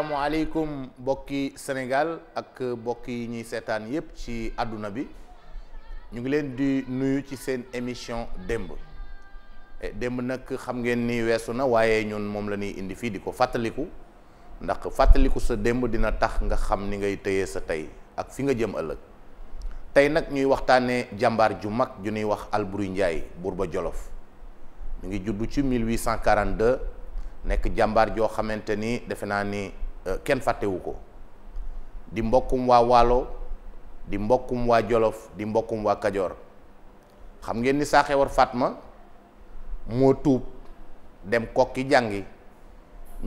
asalaamualeykum bokki Sénégal ak bokk yi ñuy seetaan yépp ci àdduna bi ñu ngi leen di nuyu ci seen émission démb e, démb nag xam ngeen ni weesu na waaye ñun moom la ñuy indi fii di ko fàttaliku ndax fàttaliku sa démb dina tax nga xam ni ngay tëyee sa tey ak fi nga jëm ëllëg tey nag ñuy waxtaanee jàmbaar ju mag ju ñuy wax Alboury Ndiaye ba Jolof mi ngi juddu ci 1842 nekk jàmbaar joo xamante ni defe naa ni Euh, kenn fàttewu ko di mbokkum waa waalo di mbokkum waa jolof di mbokkum waa kajoor xam ngeen ni saaxee war Fatma moo tuub dem kokki jàngi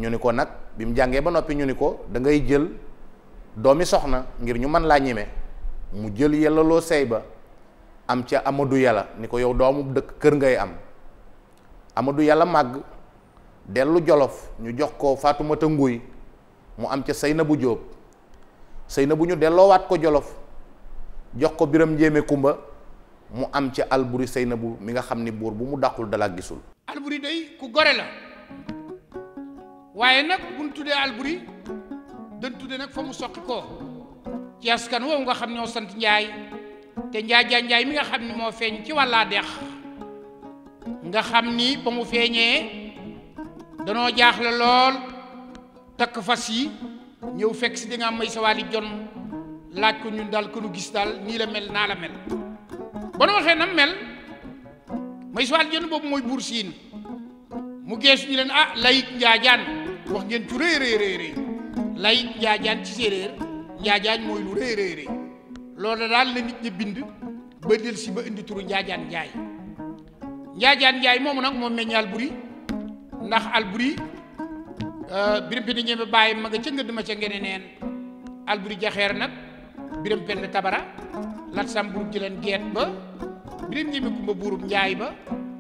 ñu ni ko nag bi mu jàngee ba noppi ñu ni ko dangay jël doomi soxna ngir ñu mën laa ñeme mu jël yellaloo sey ba am ca amadu Yàlla ni ko yow doomu dëkk kër ngay am amadu Yàlla màgg dellu Jolof ñu jox ko Faatumata Nguy mu am ca bu Jóob bu ñu delloowaat ko Jolof jox ko Biram njéemé Kumba mu am ca Alburi bu mi nga xam ni buur bu mu dàqul dala gisul Alburi day ku gore la waaye nag buñ tuddee Alburi dañ tuddee nag fa mu soqi ko ci askan woowu nga xam ñoo sant Njaay te Njaay Njaay mi nga xam ni moo feeñ ci wàllaa dex nga xam ni ba mu feeñee danoo jaaxle lool takk fas yi ñëw fekk si di am may sa waali jon laaj ko ñun daal kënu gis daal nii la mel naa la mel ba nu waxee nam mel may sa jon boobu mooy buur siin mu geesu ñu leen ah layit njaajaan wax ngeen cu rëy rëy rëy layit njaajaan ci séeréer njaajaan mooy lu rëy rëy loolu daal la nit ñi bind ba del si ba indi turu njaajaan njaay njaajaan njaay moomu nag moom meññ Alburi ndax Alburi Euh, birim pindi ñebe bàyyi ma nga ca ngëdd ma ca ngene neen alburi jaxeer nag birim pend tabara lat sàmburug jëleen geet ba birim ñebe kumba buurub njaay ba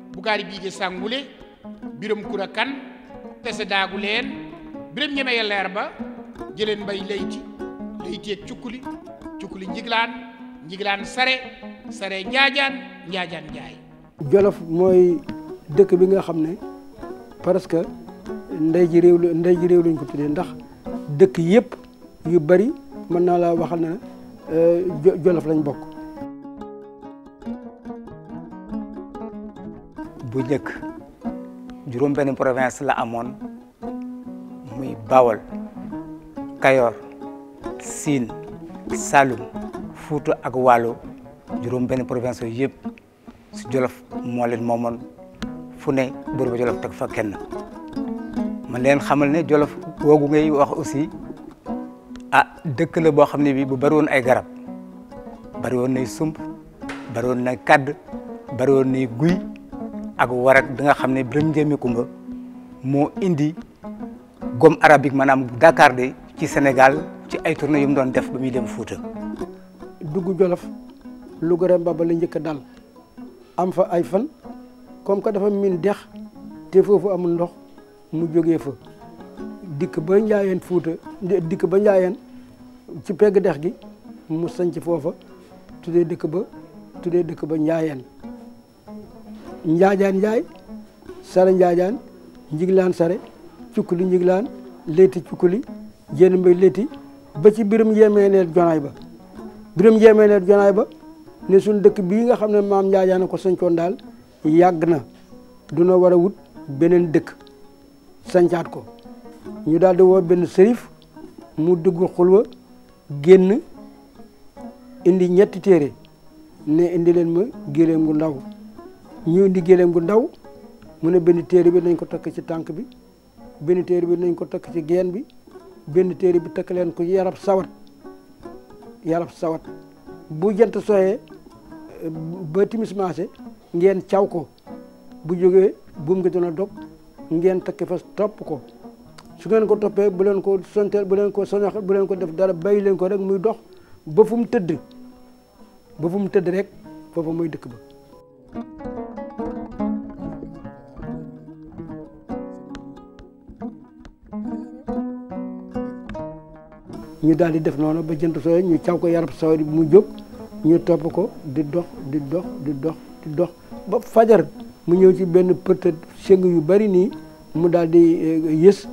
bugaari biige sàngule birim kura kan tese daagu leen birim ñeme ya ba jëleen mbay layti layteeg cukkuli cukkuli njiglaan njiglaan sare sare njaajaan njaajaan njaay jolof mooy dëkk bi nga xam ne parce ndey ji réew ndey ji réew lañ ko ndax dëkk yëpp yu bari mën naa laa waxal ne euh, jolof lañ bokk. bu njëkk juróom benn province la amoon muy Bawol Kayor Siin Saalum Fuuta ak Waalo juróom benn province yooyu yëpp si jolof moo leen moomoon fu ne buur ba jolof teg fa kenn. ma leen xamal ne jolof googu ngay wax aussi a ah, dëkk la boo xam ne bi bu bari ay garab bari woon nay sump bari woon nay kàdd bari woon nay guy ak warak danga xam ne Birame Ndiémé Kumba moo indi gomme arabique maanaam Dakar de ci senegal ci ay tournée yu mu doon def ba muy dem Fuuta dugg Jolof Louga Remba ba la njëkk a dal am fa ay fan comme que dafa miin dex te foofu amul ndox mu jóge fa dikk ba njaayeen fuuta dikk ba njaayeen ci pegg dex gi mu sanc foofa tuddee dëkk ba tuddee dëkk ba njaayeen njaajaan njaay sare njaajaan njiglaan sare cukkuli njiglaan létti cukkuli jénn mbay létti ba ci birum yemeeneer jonaay ba birum yemeeneer jonaay ba ne suñ dëkk bii nga xam ne maam njaajaan a ko sancoon daal yàgg na duna war a wut beneen dëkk sancaat ko ñu daal di woo benn sërif mu dugg xulwa génn indi ñetti téere ne indi leen ma géléem gu ndaw ñu indi géléem gu ndaw mu ne benn téere bi nañ ko takk ci tànk bi benn téere bi nañ ko takk ci geen bi benn téere bi takk leen ko yarab sawat yarab sawat bu jant soyee ba timis ngeen caw ko bu jógee buum gi dana dog ngeen takk fas topp ko su ngeen ko toppee bu leen ko sonteel bu leen ko soñax bu ko def dara bàyyi leen ko rek muy dox ba fu mu tëdd ba fu tëdd rek foofu muy dëkk ba ñu daal di def noonu ba jënt sooy ñu caw ko yarab sooy mu jóg ñu topp ko di dox di dox di dox di dox ba fajar mu ñëw ci benn pëtë séng yu bari nii mu daal di eh, yës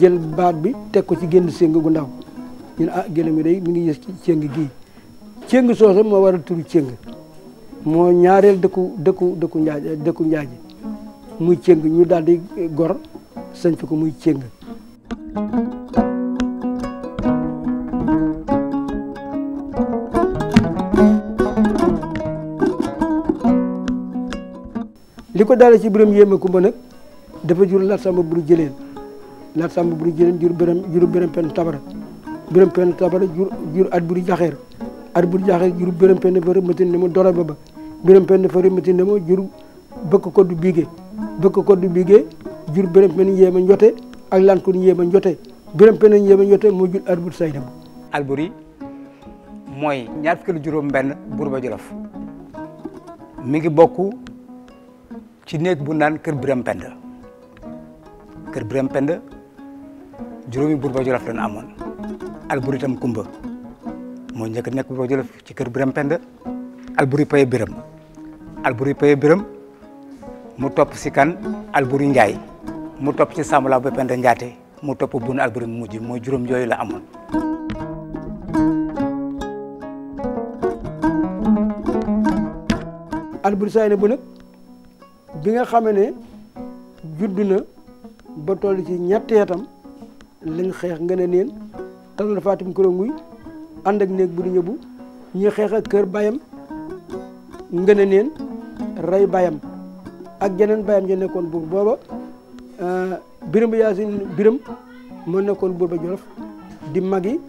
jël baat bi teg ko ci génn séng gu ndaw ñu ne ah gélém gi day mi ngi yës ci céng gi céng soosa moo waral turu céng moo ñaareel dëkku dëkku dëkku njaaj dëkku njaaji ñu daal gor sañ fi ko muy céng li ko daale ci biram yéeme kumba nag dafa jur Lat Samba Buri Jëleen Lat Samba Buri Jëleen jur bërëm jur bërëm penn tabara bërëm penn tabara jur jur at buri jaxeer at buri jaxeer jur bërëm penn fari matin ne mo dora ba ba bërëm penn fari matin ne mo jur bëkk koddu bigee bëkk koddu bigee jur bërëm penn yéema njote ak lan kon jote njote bërëm penn yéema njote moo jur at buri sayda ba at buri mooy ñaar fukki juróom benn Buurba Jolof mi ngi bokk ci néeg bu naan kër Biram Penda kër Biram Penda juróomi Buurba Jolof lañu amoon Alburi Tam Kumba moo njëkk nekk Buurba Jolof ci kër Biram Penda Alburi Paye Biram Alburi Paye Biram mu topp si kan Alburi Njaay mu topp ci Sambala ba Penda Njaate mu topp bun Alburi mu mujj mooy juróom yooyu la amoon Alburi Sayna bu nag bi nga xamee ne na ba toll ci ñetti yatam lañ xeex nga ne neen tal na Fatim Kuro Nguy ànd ak néeg bu du ñëbu ñu xeex ak kër bayam nga ne neen rey bayam ak geneen bayam ja nekkoon buur booba biram ba yaasin biram moo nekkoon buur ba jolof di magi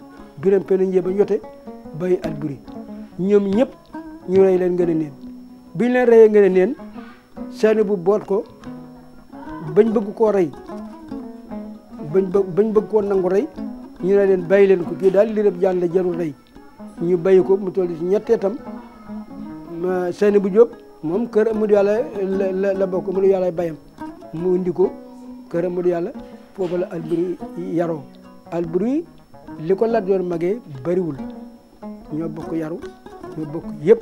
biram pe nañ ba yote bay Alburi ñoom ñëpp ñu rey leen nga ne neen biñ leen reyee nga ne neen seeni bu boot ko bañ bëgg koo rey bañ bëgg bañ bëgg koo nangu rey ñu ne leen bàyyi leen ko kii daal li rëb jaan la jarul rey ñu bàyyi ko mu toll ci ñettee tam seeni bu jóob moom kër Amadou Yàlla la la bokk Amadou Yàlla bayam mu indi ko kër Amadou Yàlla foofu la Alburi yaroo Alburi li ko Lat Joor magee bariwul ñoo bokk yaru ñoo bokk yëpp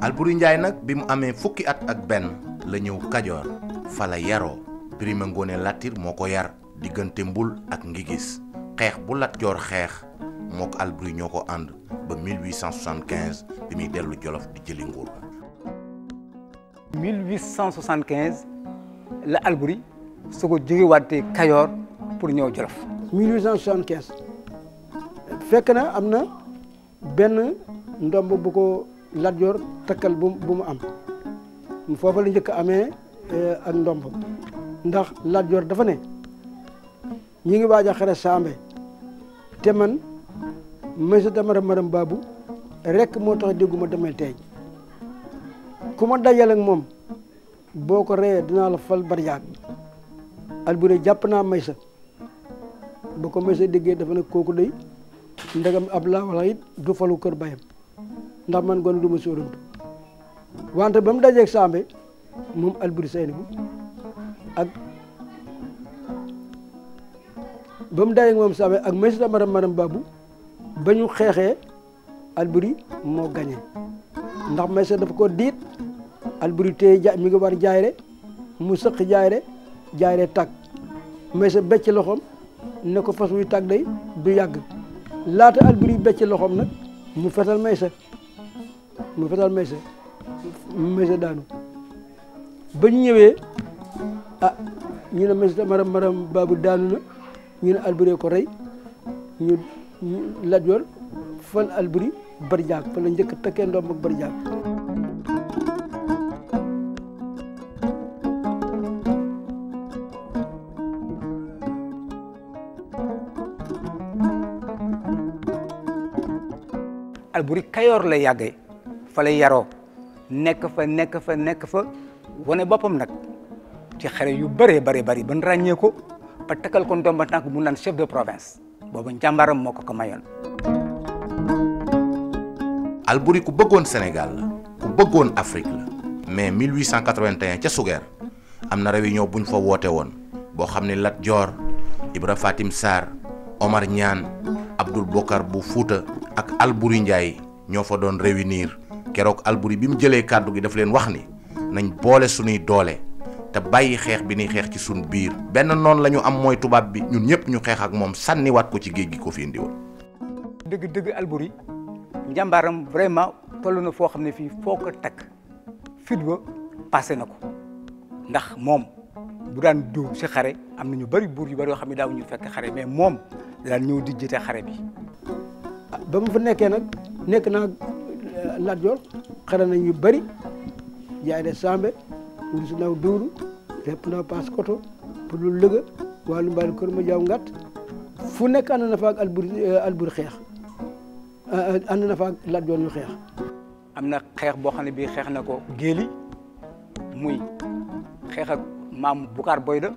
Alburi Njaay nag bi mu amee fukki at ak benn la ñëw kajoor fa la yaroo Birima moo ko yar diggante mbul ak ngigis xeex bu Lat Joor xeex mook Alboury ñoo ko ànd ba 1875 bi muy dellu Jolof di jëli nguur la 1875 la Alboury su ko jóge waatee Kajoor pour ñëw Jolof 1875 fekk na am na benn ndomb bu ko Lat Joor bu mu am foofa la njëkk amee eh, ak ndomb ndax Lat Joor dafa ne ñi ngi waaj a xare Sambe te man monsieur Damara Maram Babu rek moo tax dégguma demee teej ku ma dajale moom boo ko reyee dinaa la fal barjaag Alboury jàpp naa Maysa ba ko Maysa déggee dafa ne kooku day ndegam ab laa wala it du falu kër bayam ndax man gon du ma sóorantu wante ba mu dajeeg Sambé moom Alburi Seynibu ak ba mu dajeeg moom Sambé ak Maysara maram maram Babu ba ñu xeexee Alburi moo gagné ndax Maysara dafa ko diit Alburi téye ja ngi war jaayre mu sëq jaayre jaayre tàkk Maysara becc loxoom ne ko fas wuy tàkk day du yàgg laata Alburi becc loxoom nag mu fetal Maysara mu fetal Maysara monsieur daanu ba ñu ñëwee ah ñu ne monsieur maram maram baabu daanu na ñu ne alburi ko rey ñu Lat Joor fan alburi barjaag fa la njëkk takkee ndoom ak barjaag alburi kayoor la yàggee fa la yaroo nekk fa nekk fa nekk fa wane boppam nag ci xare yu bëree bëri bëri ban ràññee ko ba takkal ko ndomba tànk mu naan chef de province boobu njàmbaaram moo ko ko mayoon. Albouri ku bëggoon Sénégal la ku bëggoon Afrique la mais 1881 ca Sugeer am na réunion bu ñu fa woote woon boo xam ne Lat Dior Ibra Fatim Sarr Omar Niane Abdoul Bokar bu Fouta ak Albouri Ndiaye ñoo fa doon réunir. keroog Alboury bi mu jëlee kàddu gi daf leen wax ni nañ boole suñuy doole te bàyyi xeex bi ñuy xeex ci suñ biir benn noonu la ñu am mooy tubaab bi ñun ñëpp ñu xeex ak moom sànniwaat ko ci géej gi ko fi indiwoon. dégg dëgg alburi njàmbaaram vraiment toll na foo xam ne fii foo ko takk fit ba passé na ko ndax moom bu daan dóor si xare am na ñu bëri buur yu bëri yoo xam ne daaw ñu fekk xare mais moom daan ñëw di jite xare bi. Ah, ba mu fa nekkee nag nekk naa Euh, Lat Joor xarala ñu bëri jaay de Sambe wursu naw duuru lépp naw paas koto pour lu lëga wàllu mbaal kër ma jaaw ngat fu nekk ànd na fa ak albur euh, albur xeex euh, ànd na fa Lat Joor ñu xeex am na xeex boo xam ne bii xeex na ko géeli muy xeex ak maam Boucar Boyda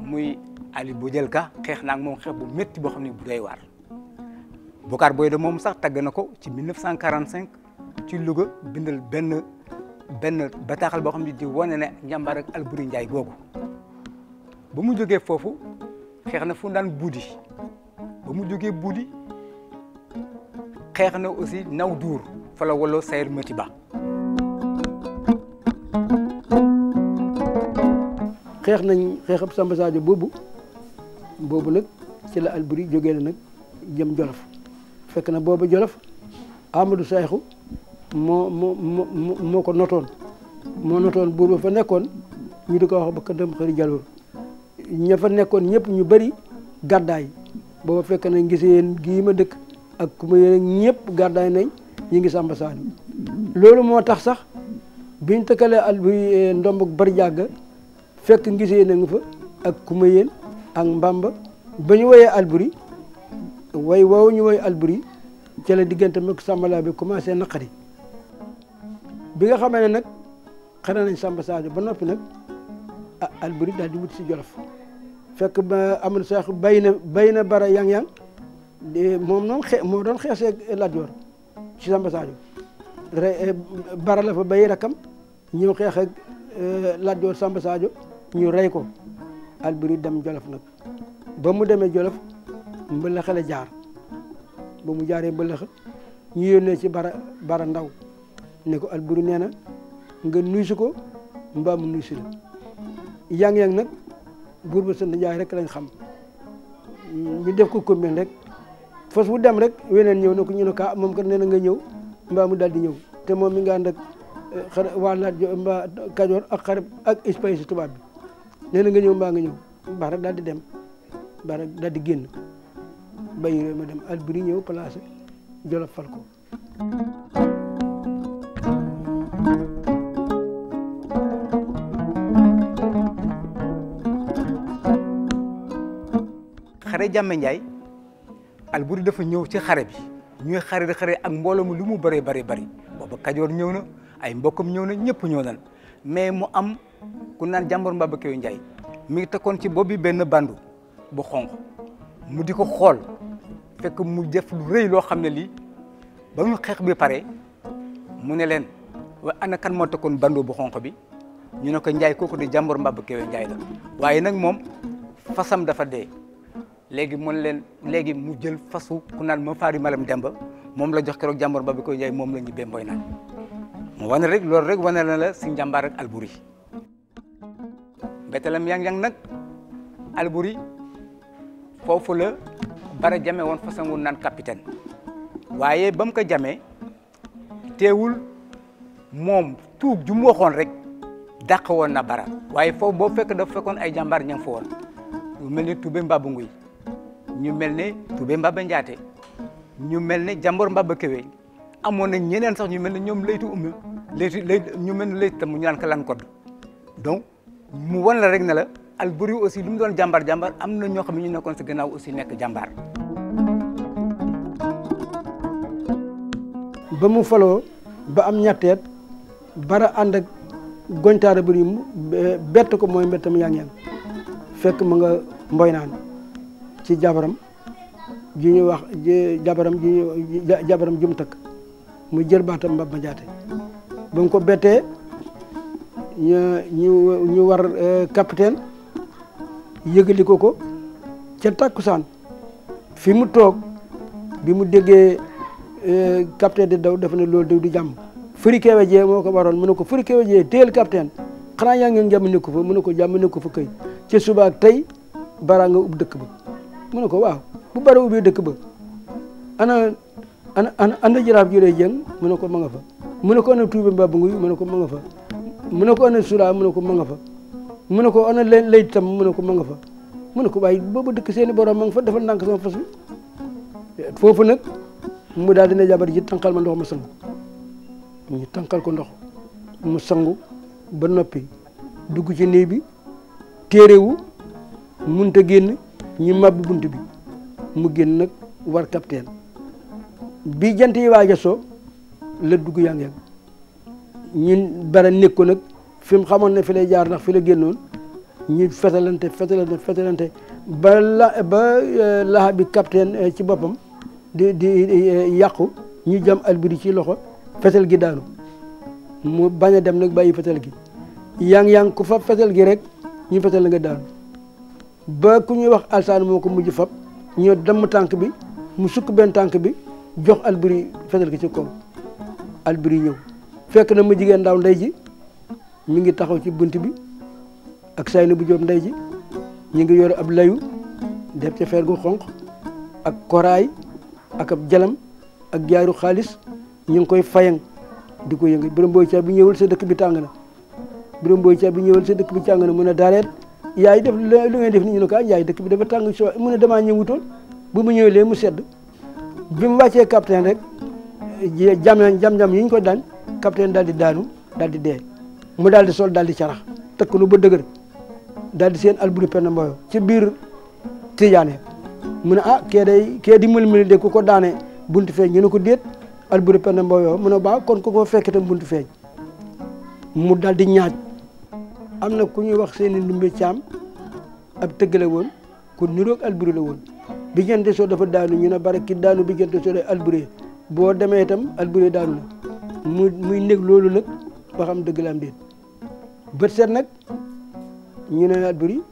muy Ali Boudielka xeex naag moom xeex bu métti boo xam ne bu doy waar Boucar Boyda moom sax tagg na ko ci 1945 ci Louga bindal benn benn bataaxal boo xam ne di wane ne njàmbaar ak Alboury Ndiaye googu ba mu jógee foofu xeex na fu daan buudi ba mu jógee buudi xeex na aussi naw duur fa la walloo Sayer Mati Ba xeex nañ xeexab Samba Sadio boobu boobu nag ci la Alboury jógee na nag jëm Jolof fekk na booba jolof Amadou Sayxu moo moo moo ko notoon moo notoon buur ba fa nekkoon ñu di ko wax ba ka dem xëri jaloor ña fa nekkoon ñëpp ñu bari gàddaay booba fekk na ngis yéen gii ma dëkk ak ku ma ñëpp gàddaay nañ ñi ngi sàmba saani loolu moo tax sax biñ tëkkalee bi e, ndomb bari jàgg fekk ngis yéen a fa ak ku ma yéen ak mbamba ba ñu woyee alburi way woowu ñu woy Alboury ci la diggante mag sàmbala bi commencé naqari bi nga xamee ne nag xare nañ Samba Sadio ba noppi nag ah Alboury daal di wut si Jolof fekk ba amul sax bay na bay na bara yang-yang moom noonu xe moo doon xeesee Lat Joor ci Samba Sadio eh, bara la fa bay rakam ñëw xeex ak eh, Lat Joor Samba ñu rey ko Alboury dem Jolof nag ba mu demee Jolof mbëlëxa la jaar ba mu jaaree mbëlëxa ñu yónnee ci bara bara ndaw ne ko alburu nee na nga nuyusi ko mbaa mu nuyusi la yang-yang nag buur ba sant njaay rek lañ xam mu def ko commune rek fas wu dem rek weneen ñëw ne ko ñu ne kaa ah, moom kat nee na nga ñëw mbaamu mu daal di ñëw te moom mi nga ànd ak eh, xar kajoor ak xarab ak espace tubaab bi nee nga ñëw mbaa nga ñëw bara daal di dem bara dal di génn bañ réew ma dem Alboury ñëw placé jolo fal ko xare jàmme Njaay Alboury dafa ñëw ci xare bi ñuy xare di xare ak mbooloo mi lu mu bëree bëri bëri booba Kajoor ñëw na ay mbokkam ñëw na ñëpp ñëw nañ mais mu am ku naan jàmbar Mbaba Kéwu Njaay mi ngi tekkoon ci bopp bi benn bandu bu xonq mu di ko xool fekk mu def lu rëy loo xam ne lii ba mu xeex bi pare mu ne leen wa ana kan moo takkoon bandoo bu xonq bi ñu ne ko njaay kooku di jàmbur mbab kewe njaay la waaye nag moom fasam dafa de léegi mu ne leen léegi mu jël fasu ku naan ma faari malam demba moom la jox keroog jàmbur mbab kewe njaay moom la ñibbee mboy naan mu wane rek loolu rek wane na la si njàmbaar ak alburi bétalam yang yang nag alburi foofu la bara jame woon façon wu naan capitaine waaye bam mu ko jamee teewul moom tuub ju mu rek dàq woon na bara waaye foofu boo fekk dafa fekkoon ay jàmbaar ña ngi woon ñu mel ni Toubé Mbaba Nguy ñu mel ni Toubé Mbaba ñu mel ne Jamboor Mbaba Kewee amoon na ñeneen sax ñu mel ni ñoom laytu ummi laytu ñu mel ni laytu tam ñu naan ko lan kodd donc mu wan la rek ne la Alboury aussi lu mu doon jàmbar jàmbar am na ñoo xam ne ñu nekkoon si gannaaw aussi nekk jàmbar. ba mu faloo ba am ñetteet bara ànd ak goñtaara buri bett ko mooy mbettam yaa ngi fekk mu nga mboy naan ci jabaram ji ñuy wax jabaram ji ñuy jabaram jum takk mu jël baatam mbab ma jaate ba mu ko bettee ñu ñu war euh, capitaine yëgali ko ko ca tàkkusaan fi mu toog bi mu déggee eh, capitaine di daw dafa ne lool daw di jàmm furi kewe jee moo ko waroon mu ne ko furi kewe jee téel capitaine xanaa yaa ngi jàmm nekku fa mu ne ko jàmm nekku fa kay ca suba tey bara nga ub dëkk ba mu ne ko waaw bu bara ubbee dëkk ba ana ana ana ana jaraaf juree jëng mu ne ko manga fa mu ne ko ana tuubi mbaa bu nguy ko ma nga fa mu ne ko ana sula mu ko ma fa mu ne ko ana leen lay tam mu ne ko ma fa mu ne ko waaye booba dëkk seeni borom ma nga fa defal ndànk sama fas foofu nag mu daal dina jabar ji tànqal ma ndox ma sangu ñu tànqal ko ndox mu sangu ba noppi dugg ci néeg bi téerewu munta génn ñu mabbi bunt bi mu génn nag war capitaine bi jant yi waaja soo la dugg yang-yang ñun bara nekk ko nag fi mu xamoon ne fi lay jaar ndax fi la génnoon ñu fetalante fetalante fetalante ba la ba euh, bi capitaine euh, ci boppam di di euh, yàqu ñu jam albiri ci loxo fetal gi daanu mu bañ a dem nag bàyyi fetal gi yang-yang ku fab fetal gi rek ñu fetal la nga daanu ba ku ñuy wax alsaan moo ko mujj fab ñoo dem tànk bi mu sukk benn tànk bi jox albiri fetal gi ci kaw albiri ñëw fekk na mu jigéen ndaw ndey ji mi ngi taxaw ci bunt bi ak say na bu jóob ndey ji ñu ngi yore ab layu def ca fer gu xonq ak koraay ak ab jalam ak jaaru xaalis ñu ngi koy fayang di ko yëngu bu booy caa bi ñëwal sa dëkk bi tàng na biram booy caa bi ñëwal sa dëkk bi tàng na mun a daareet yaay def lu ngay def ni ñu ne ko ah yaay dëkk bi dafa tàng so mun a damaa wutool bu mu ñëwee mu sedd bi mu wàccee capitaine rek jam jam-jam yi ñu ko daan capitaine daal di daanu daal di dee mu daal di sol daal di carax tëkk nu ba dëgër dal di seen alburi penn mboyo ci biir tijaane mu ne ah kee day kee di mëlmëli de ku ko daane buntu feeñ ñu ne ko déet alburi penn mboyo mu ne baa kon ku ko fekk tam buntu feeñ mu dal di ñaaj am na ku ñuy wax seen i ndumbe caam ab tëgg la woon ku niroog alburi la woon bijante soo dafa daanu ñu ne bare ki daanu bi bijante soo day alburi boo demee itam alburi daanu la muy muy néeg loolu nag ba xam dëgg la bët set nag ñu ne at bëri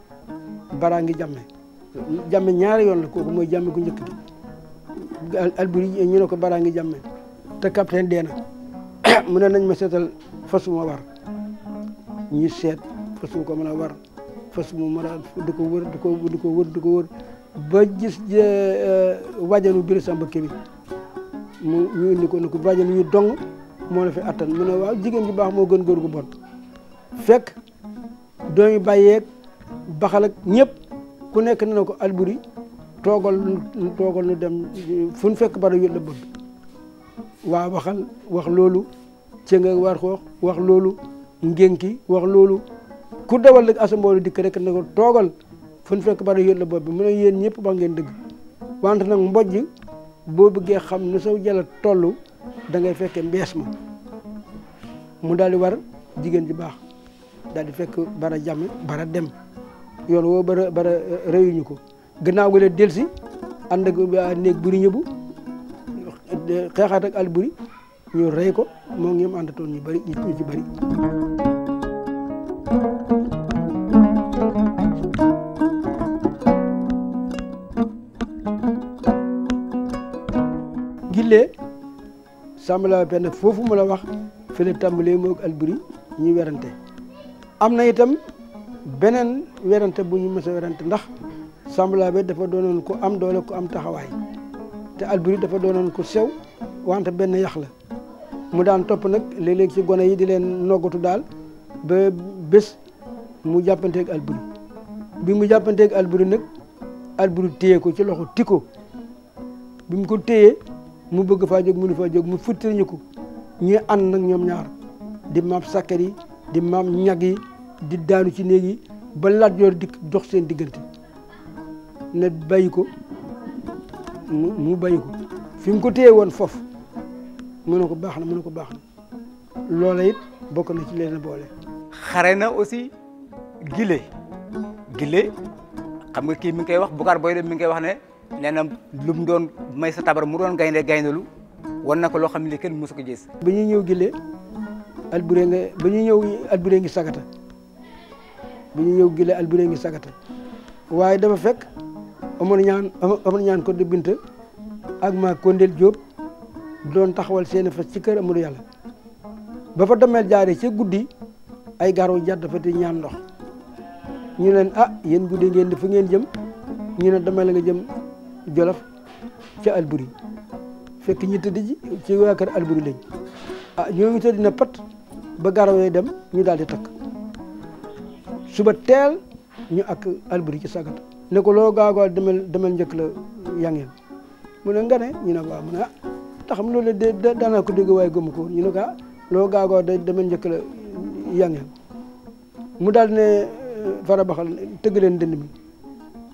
baraa ngi jàmme jàmme ñaari yoon la ko mooy jàmme ku njëkk gi at bëri ñu ne ko baraa ngi jàmme te capitaine dee na mu ne nañ ma seetal fas ma war ñu seet fas mu ko mën a war fas mu mën di ko wër di ko di ko wër di ko wër ba gis euh, wajanu biir samba bi mu ñu indi ko ne ko wajanu ñu dong moo la fi attan mu ne waaw jigéen ju baax moo gën góor gu bon fekk doomi bàyyeeg baxal ak ñëpp ku nekk ne ko Alburi toogal nu toogal nu dem fu nu fekk bara yót la bëgg wax loolu cënga war xoox wax loolu ngénki wax loolu ku dawal ak asamboolu dikk rek ne ko toogal fu nu fekk bara yót la bi mu ne yéen ñëpp bax ngeen dëgg wante nag mbojj boo bëggee xam ne saw jala tollu da ngay fekke mbees ma mu daal di war jigéen ji baax daal di fekk bara jàmm bara dem yoon woo bara bara eh, reyuñu ko gannaaw ga la delsi ànd ak néeg buri ñëbu xeexaat ak ñu rey ko moo ngi àndatoon ñu bari ñu ci bari gillee sàmm la benn foofu mu la wax fi la tàmbalee moog alburi ñuy werante am na itam beneen werante bu ñu mës a werante ndax semblable dafa doonoon ko am doole ko am taxawaay te Alboury dafa doonoon ko sew wante benn yax la mu daan topp nag léeg-léeg ci gone yi di leen noggatu daal ba bés mu jàppanteeg Alboury bi mu jàppanteeg Alboury nag Alboury téye ko ci loxo tiko bi mu ko téyee mu bëgg faa jóg mënu faa jóg mu futtali ko ñuy ànd nag ñoom ñaar di maam sakkar yi di maam ñag yi di daanu ci néegi yi ba Lat dikk dox seen diggante ne bàyyi ko mu bàyyi ko fi mu ko téye woon foofu mu ne ko baax na mu ne ko baax na loola it bokk na ci leen boole. xare na aussi gile gile xam nga kii mi ngi koy wax Boucar booy dem mi ngi koy wax ne nee na doon may sa tabar mu doon gaynde gayndalu wan na ko loo xam ne kenn mësu ko gis. ba ñuy ñëw gile albure nga ba ñuy ñëw albure ngi sagata. bi ñu ñëw gile albiré ngi sagata waaye dafa fekk Omar ñaan Omar ñaan ko de Binta ak maa Kondel Diop doon taxawal seeni fas ci kër Amadou yàlla ba fa dameel jaaree ca guddi ay garaw jàdd dafa di ñaan ndox ñu leen a ah, yéen guddi ngeen di ngeen jëm ñu ne dameel nga jëm Jolof ca Alburi fekk ñi tëdd ci waa kër Alburi lañ ah ñoo ngi tëdd na pat ba garo yooyu dem ñu daal di takk suba teel ñu ak Alboury ci sagata ne ko loo gaagoo demel demel njëkk la yangeen mu ne nga ne ñu ne waaw mu ne ah taxam loolu de daanaa ko dégg waaye gëmu ko ñu ne ko ah, loo gaagoo de demel njëkk la yangeen mu daal ne eh, fara baxal leen ndënd mi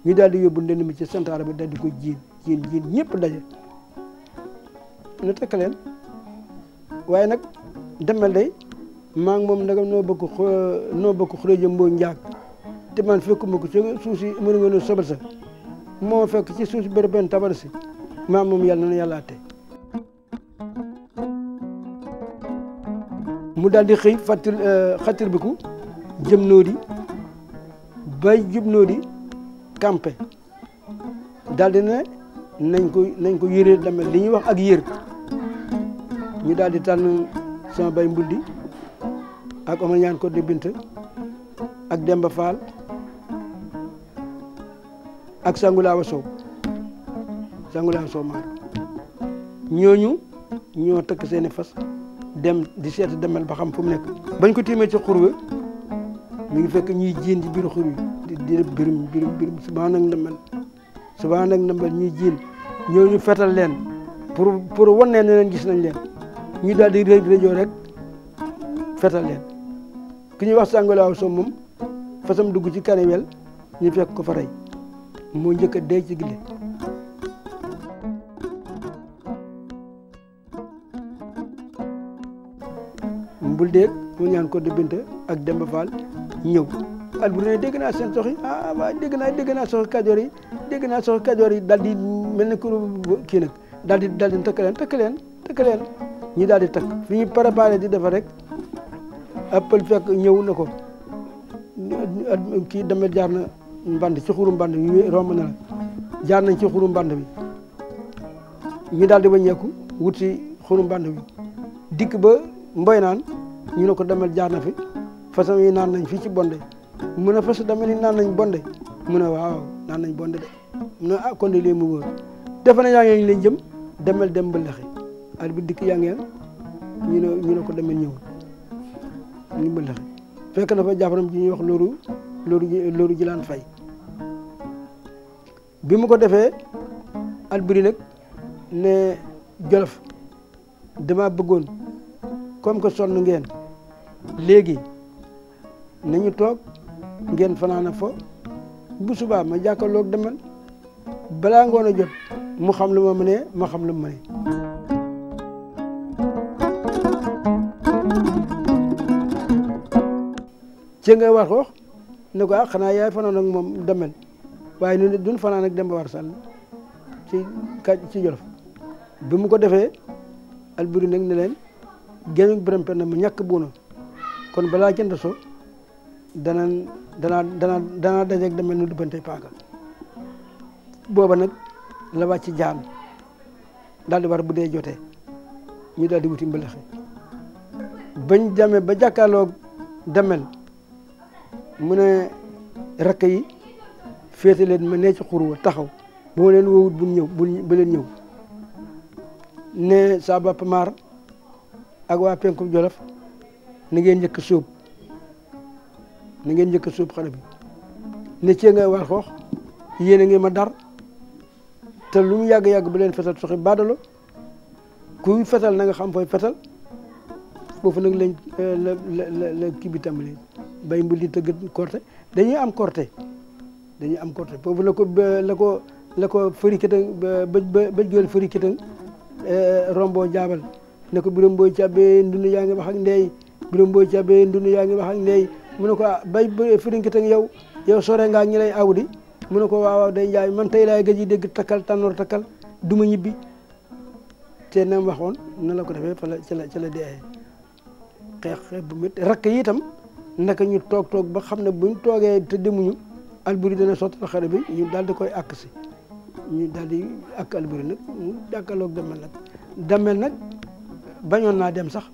ñu daal di yóbbu ndënd mi ci santaara bi daal di ko jiin jiin jiin ñëpp daje ñu tekk leen waaye nag demel day maa ngi moom ndagam noo bokk noo bokk mboo njaag te man fekkuma ko ci suuf nga noo sobal sa moo fekk ci suuf si benn tabar si maa moom yàlla na yàlla àtte mu daal di xëy fàttil euh, xattir bi ku jëm noodi bay jub noodi campé daal di ne nañ ko nañ ko yëree damel li ñuy wax ak yër ñu daal di tànn sama bay mbuldi ak Omar Ñaan Codé Binta ak Demba Fall ak Sangulaawa Sow Sangulaawa Sow maar ñooñu ñoo takk seeni fas dem di seet demel ba xam fu mu nekk bañ ko tiimee ci xur wi ngi fekk ñuy jiin ci biir xur wi di di birum birum birum subaan ndambal subaan ak ndambal ñuy jiin ñooñu fetal leen pour pour wan ne gis nañ leen ñu daal di rajo rek fetal leen ki ñuy wax sàngalaaw so moom fasam dugg ci kaniwel ñu fekk ko fa moo njëkk a dee ci gile mbul déeg mu ñaan ko de binte ak Demba Fall ñëw al bu ne dégg naa seen soxi ah waaw dégg naa dégg naa soxi kajoor yi mel ne ko kii nag daal di daal di takk leen takk leen takk ñi daal di takk fi ñu préparé di defar rek appel fekk ñëw na ko kii demet jaar na mband ci xuru mband bi romb na la jaar nañ ci xuru mband bi ñu daal di wàññeeku wut si xuru mband bi dikk ba mboy naan ñu ne ko demet jaarna fi façon yi naan nañ fii ci bonde mu ne fas demet yi naan nañ bonde mu ne waaw naan nañ bonde de mu ne ah kon de lii mu wóor defe na yaa ngi jëm demel dem ba lexi at bi dikk yaa ngi ñu ne ko demel ñëw ñu mbënd fekk na fa jafaram ji ñuy wax loolu loru loru jilaan fay bi mu ko defee alburi nag ne jolof dama bëggoon comme que sonn ngeen léegi nañu toog ngeen fanaana fo bu subaa ma jàkkaarloog demal balaa ngoon a jot mu xam lu ma mënee ma xam lu ma mënee ci nga war ko ne ko ah xanaa yaay fanaan ak moom demel waaye ñun duñ fanaan ak Demba War Sall ci ci Jolof bi mu ko defee Alburi nag ne leen génn Biram Penn mu ñàkk buuna kon balaa jënd so danan danaa danaa danaa dajeeg demel nu dubbante paaka booba nag la wàcc jaan daal di war bu dee jotee ñu dal di wuti mbalaxe bañ jamee ba jàkkaarloog demel mu ne rakk yi féete leen ma nee ci xur wa taxaw bu ma leen woowut bu ñëw bu leen ñëw ne saa bapp maar ak waa penku jolof na ngeen njëkk suub na ngeen njëkk suub xale bi ne cee ngay war xoox yéen a ngi ma dar te lu mu yàgg-yàgg bu leen fetal soxi baadalo kuy fetal na nga xam fooy fetal foofu nag lañ euh, la la la kii bi tàmbalee bay mbul di tëgg korte dañuy am korte dañuy am korte foofu la ko la ko la ko fëri kitang bëj bëj gël fëri kitang euh, romboo jaabal ne ko biram booy càbbee ndunu yaa ngi wax ak ndey biram booy càbbee ndunu yaa ngi wax ak ndey mu ne ko ah, bay eh, fëri kitang yow yow sore ngaa ñi lay aw di mu ne ko waawaaw day njaay man tey laay gëj dégg takkal tànnoor takkal duma ñibbi te nam waxoon na la ko defee fa la ci la ci la dee xeex xeex bu métti rakk yitam itam naka ñu toog toog ba xam ne bu buñ toogee te demuñu alburi dana sottal xare bi ñu daal di koy àkk si ñu daal di àkk alburi nag mu jàkkaloog damel nag nag bañoon naa dem sax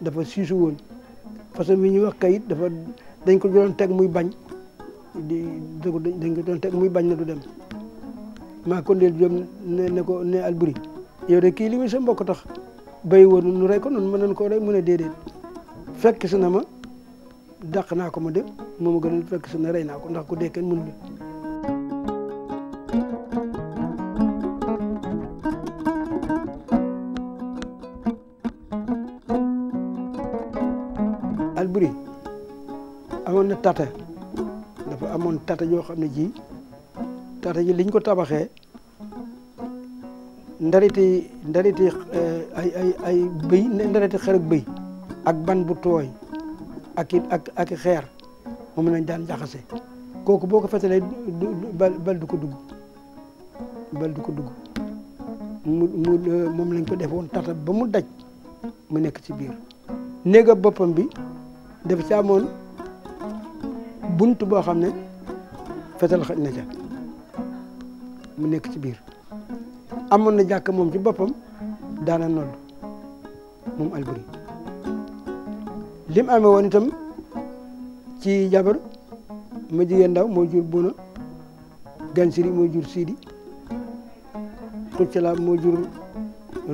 dafa siisu woon façon bi ñuy wax kayit dafa dañ ko doon teg muy bañ di dañ ko doon teg muy bañ na du dem maa ko ndeel jom ne ne ko ne alburi yow de kii li muy sa mbokk tax bay woon nu rey ko noonu mën nañ koo rey a ne déedéet fekk si na ma dàq naa ko ma dem moo gën gënal fekk si na rey naa ko ndax ko dee kenn mënul Alboury amoon na tata dafa amoon tata joo xam ne ji tata ji liñ ko tabaxee ndariti ndariti eh, ay ay ay bëy ndariti xar bëy ak ban bu tooy ak ak ak xeer moom lañ daan jaxase kooku boo ko fetalee bal bal du ko dugg bal du ko dugg mu mu euh, moom lañ ko defoon tata ba mu daj mu nekk ci biir néega boppam bi daf ci amoon bunt boo xam ne fetal xaj na mu nekk ci biir amoon na jàkk moom ci boppam daana nodd moom Alboury lim amee woon itam ci jabar ma jigéen ndaw moo jur buna gan siri moo siidi tuccala moo jur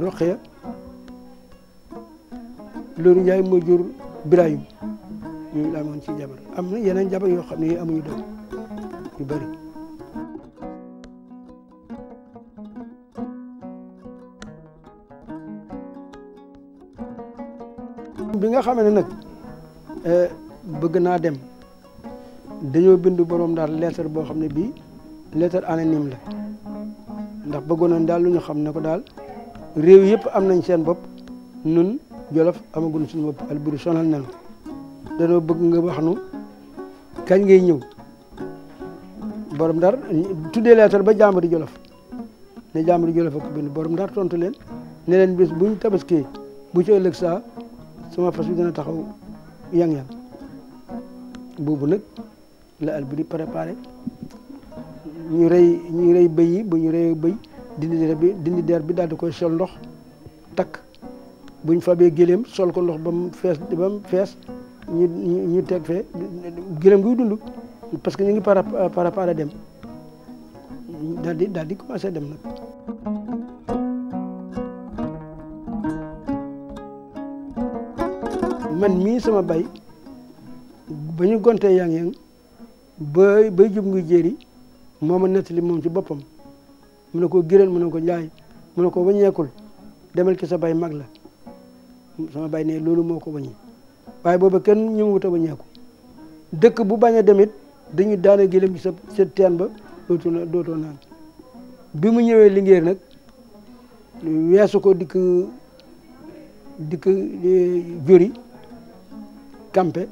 roqiya loolu njaay moo jur birayum ñooñu la ci jabar am na yeneen jabar yoo xam ne yi amuñu yu bëri bi nga xamee ne nag Eh, bëgg naa dem dañoo bind boroom daal lettre boo xam ne bii lettre anonyme la ndax bëggoon nañ daal lu ñu xam ne ko daal réew yépp am nañ seen bopp nun jolof amaguñ suñu bopp Alboury sonal nañu danoo bëgg nga wax kañ ngay ñëw borom dar tuddee leetar ba jàmbari jolof ne jàmbari jolof ak bind borom dar tontu leen ne leen bis buñ tabaskee bu ci ëllëg saa sama fas bi dana taxaw yang-yang boobu nag la al bi di préparé ñu rey ñu rey bëy bu ñu reyee bay dindi der bi dindi der bi daal di koy sol ndox takk buñ fabee géléem sol ko ndox ba mu fees ba mu fees ñu ñu teg fee géléem guy dund parce que ñu ngi par para dem daal di daal di commencé dem nag man mi sama bay ba ñu gontee yang-yang ba bay jub ngi jéeri moo ma nettali moom ci boppam mu ne ko giral mu ne ko njaay mu ne ko waññeekul demal ki sa bay mag la sama bay ne loolu moo ko waññi waaye booba kenn ñu wut a waññeeku dëkk bu bañ a demit dañu daana gëlëm ci sa sa teen ba dootu dootoo naan bi mu ñëwee Linguère nag weesu ko dikk dikk eh, campé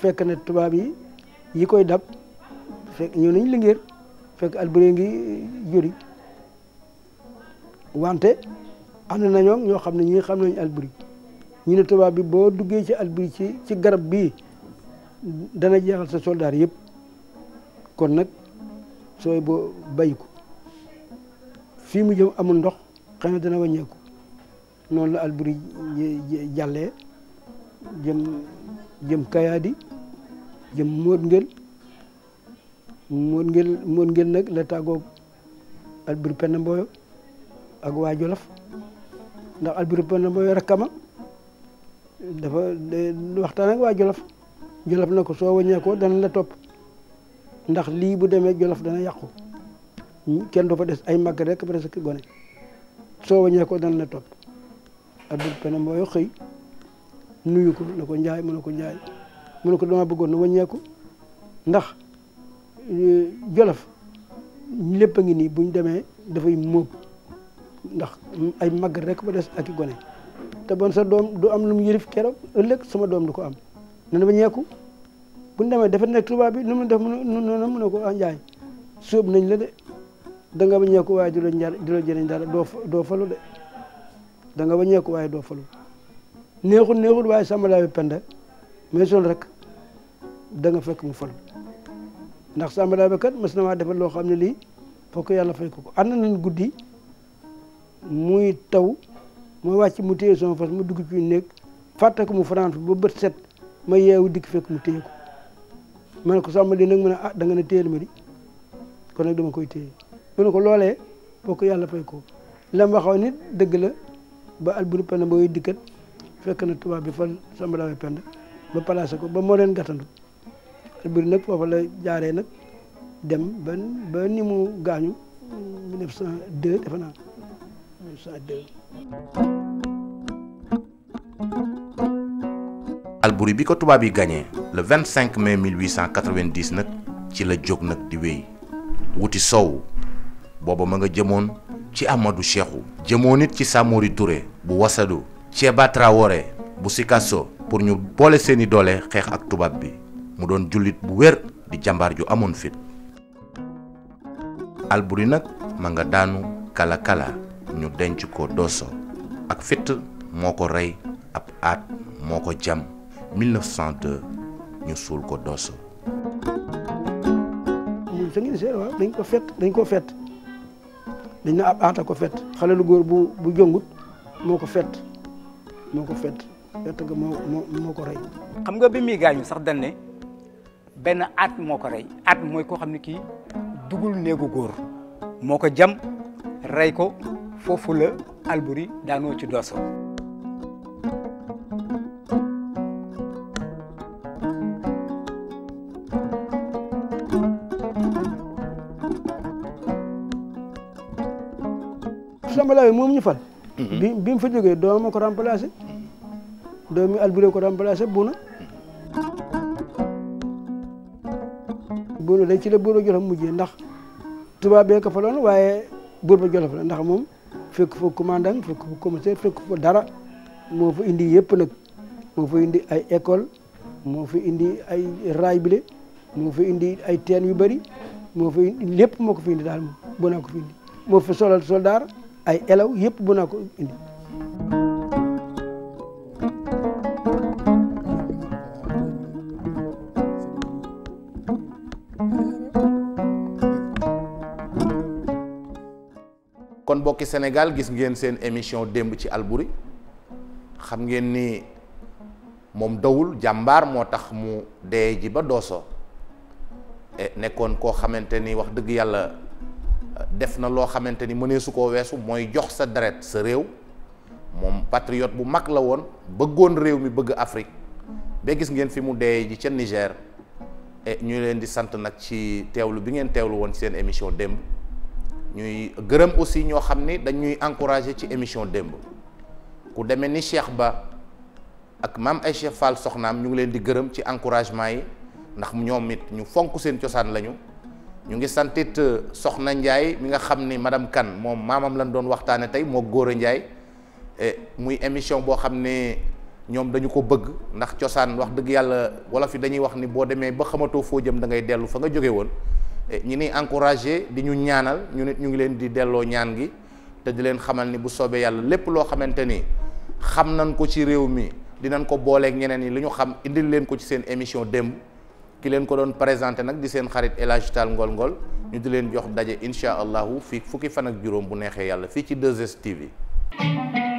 fekk na tubaab yi yi koy dab fekk ñëw nañ Linguère fekk Alboury ngi juri wante ànd nañoo ñoo xam ne ñii xam nañ Alboury ñu ne tubaab bi boo duggee ci Alboury ci ci garab bii dana jeexal sa soldaar yëpp kon nag sooy boo bay ko fii mu jëm amul ndox xëy na dana wàññeeku noonu la Alboury jàllee jëm Kayadi jëm Moot Ngel Moot Ngel Moot Ngel nag la tàggoog Alboury Penda Mboyo ak waa Jolof ndax Alboury Penda Mboyo dafa waxtaan ak waa Jolof Jolof na ko soo waññee ko dana la topp ndax lii bu demee Jolof dana yàqu hmm, kenn du fa des ay mag rek presque gone soo waññee ko dana la topp Alboury Penda xëy nuyu ko ko njaay mu ne ko njaay mu ne ko dama bëggoon na ndax e, jolof lépp a ngi nii buñ demee dafay móob ndax ay mag rek ba des ak gone te bon sa doom du am lu mu yërif keroog ëllëg sama doom du ko am nan wàññeeku buñ demee dafa nekk tubaab bi nu mu def noonu mu ne ko ah njaay sóob nañ la de da nga wàññeeku waaye du la njariñ du la jëriñ dara doo doo de da nga wàññeeku waaye doo falu neexul neexul waaye Samba Laobé Penda mais sol rek danga fekk mu fal ndax Samba Laobé kat mas na maa defal loo xam ne lii fokk yàlla fay ko ko guddi muy taw ma wàcc mu téye son mu dugg ci néeg fàtte mu fanaan ba bët set ma yeewu dikk fekk mu ma ne ko Samba lii nag mu ne ah da ne téyel ma kon nag dama koy téye mu yàlla fay lam waxaw nit dëgg la ba alburu penda booy dikkat fekk na tubaab bi fan Samba Laobé ko ba moo leen gàttandu Albouri jaaree nag dem ba ba ni mu gaañu 1902 defe naa 1902. Albouri bi ko tubaab yi gagné le 25 mai 1890 nag ci la jóg nag di wéy wuti sow booba ma nga jëmoon ci Amadou Cheikhou jëmoo it ci Samori Touré bu Wasadu. Thiéba Traoré bu Sikasso pour ñu boole seeni doole xeex ak tubaab bi mu doon jullit bu wér di jàmbaar ju amoon fit Alburi nag ma nga daanu kala kala ñu denc ko Dosso ak fitt moo ko rey ab aat moo ko jam ñu suul ko Dosso da dañ ko fet dañ ko fett dañ na ab aata ko fett xale lu góor bu jongut moo ko fett moo ko fett fett ga moo moo ko rey. xam nga bi muy gaañu sax dañ ne benn at moo ko rey at mooy koo xam ne kii dugul néegu góor moo ko jam rey ko foofu la Alboury ci dooso. Samba Laobé moom ñu fal. Mhm. bi bi mu fa jógee doomam ko remplacé doomi Alboury ko remplacé Bouna Bouna day ci la buur ba Jolof mujjee ndax tubaab bee ko fa waaye buur ba Jolof la ndax moom fekk fa commandant fekk fa commissaire fekk fa dara moo fa indi yëpp nag moo fa indi ay école moo fa indi ay raay bile mu fa indi ay teen yu bari moo fa indi lépp moo ko fi indi daal moom Bouna ko fi indi moo fa soldaar ay elaw yëpp bu na ko indi kon bokki senegal gis ngeen seen émission démb ci alburi xam ngeen ni moom dowul jàmbaar moo tax mu dee ji ba doosoo e, nekkoon koo xamante ni wax dëgg yàlla def na loo xamante ni mënee su koo weesu mooy jox sa deret sa réew moom patriote bu mag la woon bëggoon réew mi bëgg Afrique ba gis ngeen fi mu dee ji ca Niger ñu leen di sant nag ci teewlu bi ngeen teewlu woon seen émission démb ñuy gërëm aussi ñoo xam ni dañuy encourager ci émission démb ku demee ni Cheikh Ba ak maam ay Cheikh Fall soxnaam ñu ngi leen di gërëm ci encouragement yi ndax ñoom it ñu fonk seen cosaan lañu ñu ngi santit euh, Soxna njaay mi nga xam ni madame kan moom maamam lañ doon waxtaane tey moo góor a Ndiaye muy émission boo xam ne ñoom dañu ko bëgg ndax cosaan wax dëgg yàlla wala yi dañuy wax ni boo demee ba xamatoo foo jëm da ngay dellu fa nga jóge woon ñi ni encouragé di ñu ñaanal ñu nit ñu ngi leen di delloo ñaan gi te di leen xamal ni bu soobee yàlla lépp loo xamante ni xam nañ ko ci réew mi dinañ ko booleeg ñeneen yi lu ñu xam indil leen ko ci seen émission démb ki leen ko doon présenté nag di seen xarit El Hadj Tall Ngol Ngol ñu di leen jox daje incha allahu fii fukki fan ak juróom bu neexee yàlla fii ci 2STV.